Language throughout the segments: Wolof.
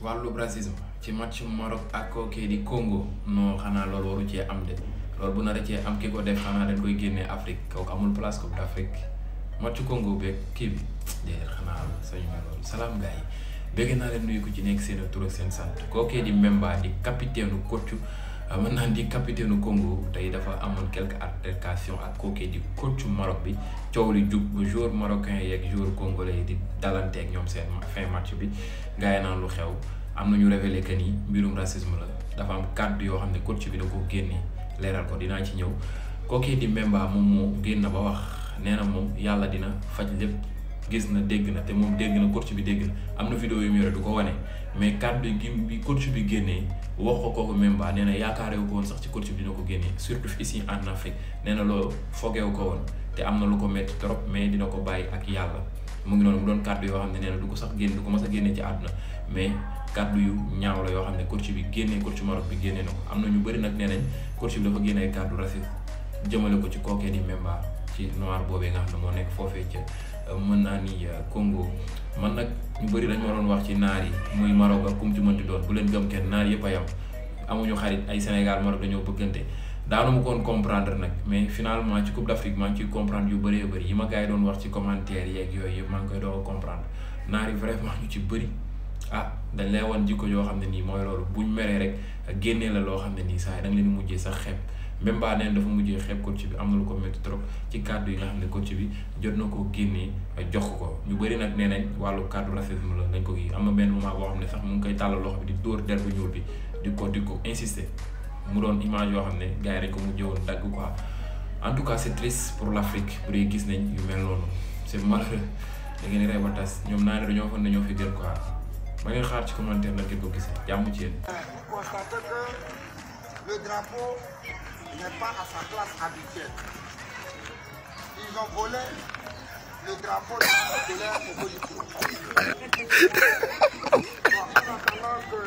wàllu racisme ci match Maroc ak kii di Congo non xanaa loolu waru cee am de loolu bu nar a cee am ki ko def xanaa dañ koy génnee Afrique kooku amul place Coupe d'Afrique match Congo beeg kii bi déedéet xanaa sañu loolu salaam gars yi bëgg naa leen nuyu ko ci nekk seen tur ak seen sant kookee di Memba di capitaine coach Euh, mën naa di capitaine Congo tey dafa amoon quelques altercations ak kooku di coach Maroc bi coow li jub ba joueur marocain yeeg joueur congolais di dalanteeg ñoom seen fin match bi gars lu xew am na ñu révélé que ni mbirum racisme la dafa am kàddu yoo xam ne coach bi da ko génne leeral ko dinaa ci ñëw kooku di Mbemba moom moo génn ba wax nee na moom yàlla dina faj lépp. gis na dégg na te moom dégg na coach bi dégg na am na vidéo yu du ko wane mais kàddu bi génnee wax ko kooku même ba nee na yaakaarewu ko woon sax ci coach bi dina ko génnee surtout ici en Afrique nee na loolu fogeewu ko woon te am na lu ko métti trop mais dina ko bàyyi ak yàlla mu ngi noonu mu doon kàddu yoo xam ne nee na du ko sax génn du ko mas a génne ci àdduna mais kàddu yu ñaaw la yoo xam ne coach bi génnee coach Maroc bi génnee na ko am na ñu bëri nag nee nañ coach bi dafa génnee kàddu raciste jëmale ko ci kookee di Mbemba ci noir boobee nga xam ne moo nekk foofee ca euh, mën naa ni euh, Congo man nag ñu bëri dañ ma doon wax ci naar yi muy Maroc ak kum ci mënti doon bu leen gëm kenn naar yëpp a yam amuñu xarit ay Sénégal Maroc dañoo bëggante daanu ma koon comprendre nag mais finalement ci Coupe d'Afrique maa ngi comprendre yu bëree bëri yi ma gars yi doon wax ci commentaire yeeg yooyu yëpp maa ngi koy doog a comprendre naar yi vraiment ñu ci bëri ah dañ lay wan jikko yoo xam ne nii mooy loolu buñ meree rek génnee la loo xam ne nii saa yi da nga mujjee sax xeeb même baa neen dafa mujjee xeeb coach bi am na lu ko métti trop ci kàddu yi nga xam ne coach bi jot na ko génnee jox ko ñu bëri nag nee nañ wàllu kàddu racisme la lañ ko kii am na benn moment boo xam ne sax mu ngi koy tàllal di dóor der bu bi di ko di ko insister mu doon image yoo xam ne gars yi rek ko mujjee woon dagg quoi en tout cas c' triste pour l' Afrique bu dee gis ne yu mel noonu c' est malheureux da ngeen di tas ñoom naa ne dañoo fan ne ñoo fi gën quoi ma ngeen xaar ci commentaire la ngeen ko gisee jàmm ci yéen. n'est pas à sa place habituelle. Ils ont volé le drapeau de l'air au Bolito. En attendant que...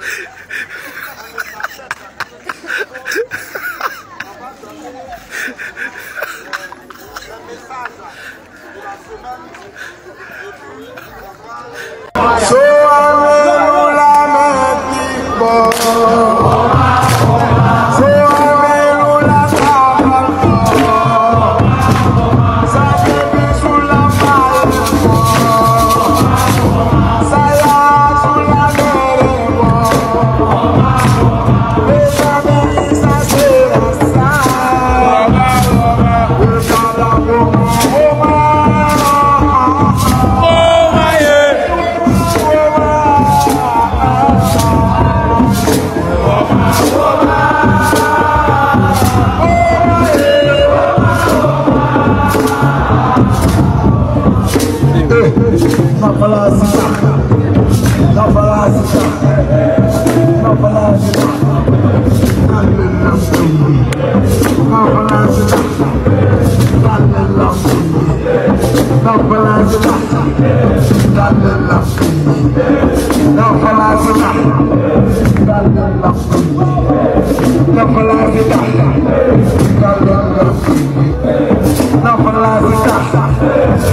Now for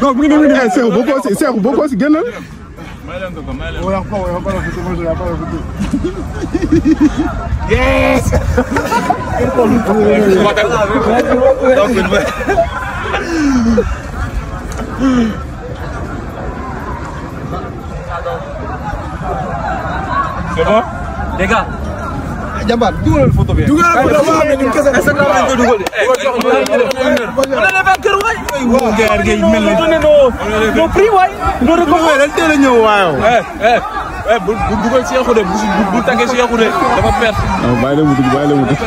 non mu ngi nii nii Seexu boo ko si Seexu boo ko si génnal. yes. C'est bon les gars jàmbaar dugalal photo bi dugalal photo bi am nañu kese dugal on est vers kër waay waaw gaar gay mel ni no a ñëw dugal ci yaxu de bu tàggee la mu dugg bàyyi la mu dugg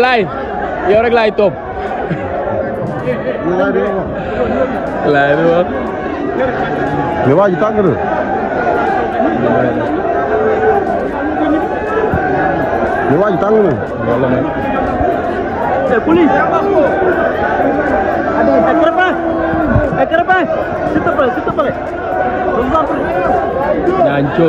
laay yow rek laay topp laay di wax mais waa ji tàng na mais waa ji tàng na wala na e police e kerpa e kerpa s'il te plaît s'il te plaît Ñaanco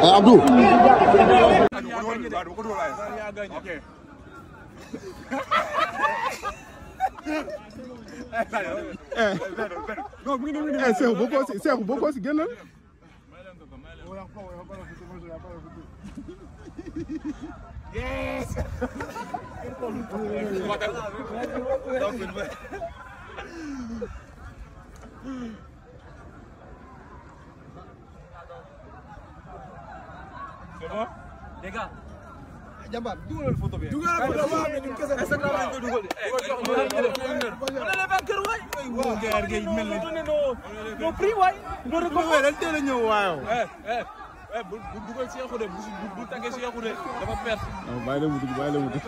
Eh, Abdou. Eh, Seexu boo ko si Seexu boo ko si génnal. Yes. 1 les gars jambaar dugalal photo bi dugalal photo bi waaw ñun kese est-ce que la ñu dugal wala le banqueur waay waaw gérard gay mel na mo prix waay mo recommandé lan teel a ñëw waaw eh eh, eh bu dugal Cheikhou de bu tàggee Cheikhou de dafa perte ah, bàyyi la mu dugg bàyyi la mu dugg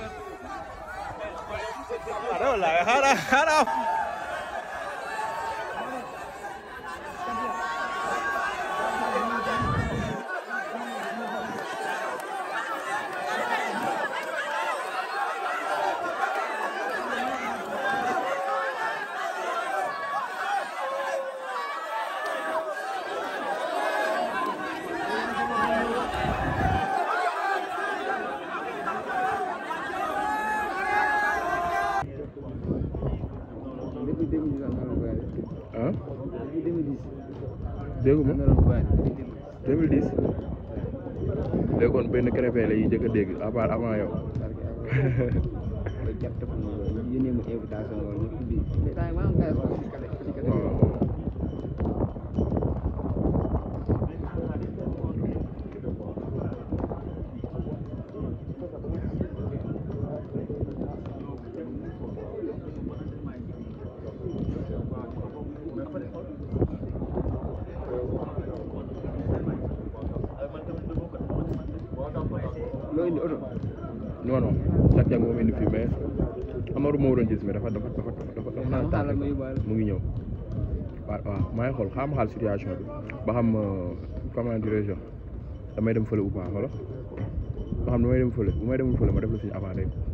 ah. 2010. dégguma 2010. léegi kon benn crépé la ñuy jëkk a dégg à part avant yow. non non Sa Thiès moom indi fii mais Amadou moo doon mais dafa dafa dafa dafa dafa naan tànk mu ngi ñëw waaw waaw maa ngi xool xam xaal situation bi ba xam euh, comment dirais-je damay dem fële ou pas wala ba xam damay dem fële bu may demul fële ma def la suñu avant rek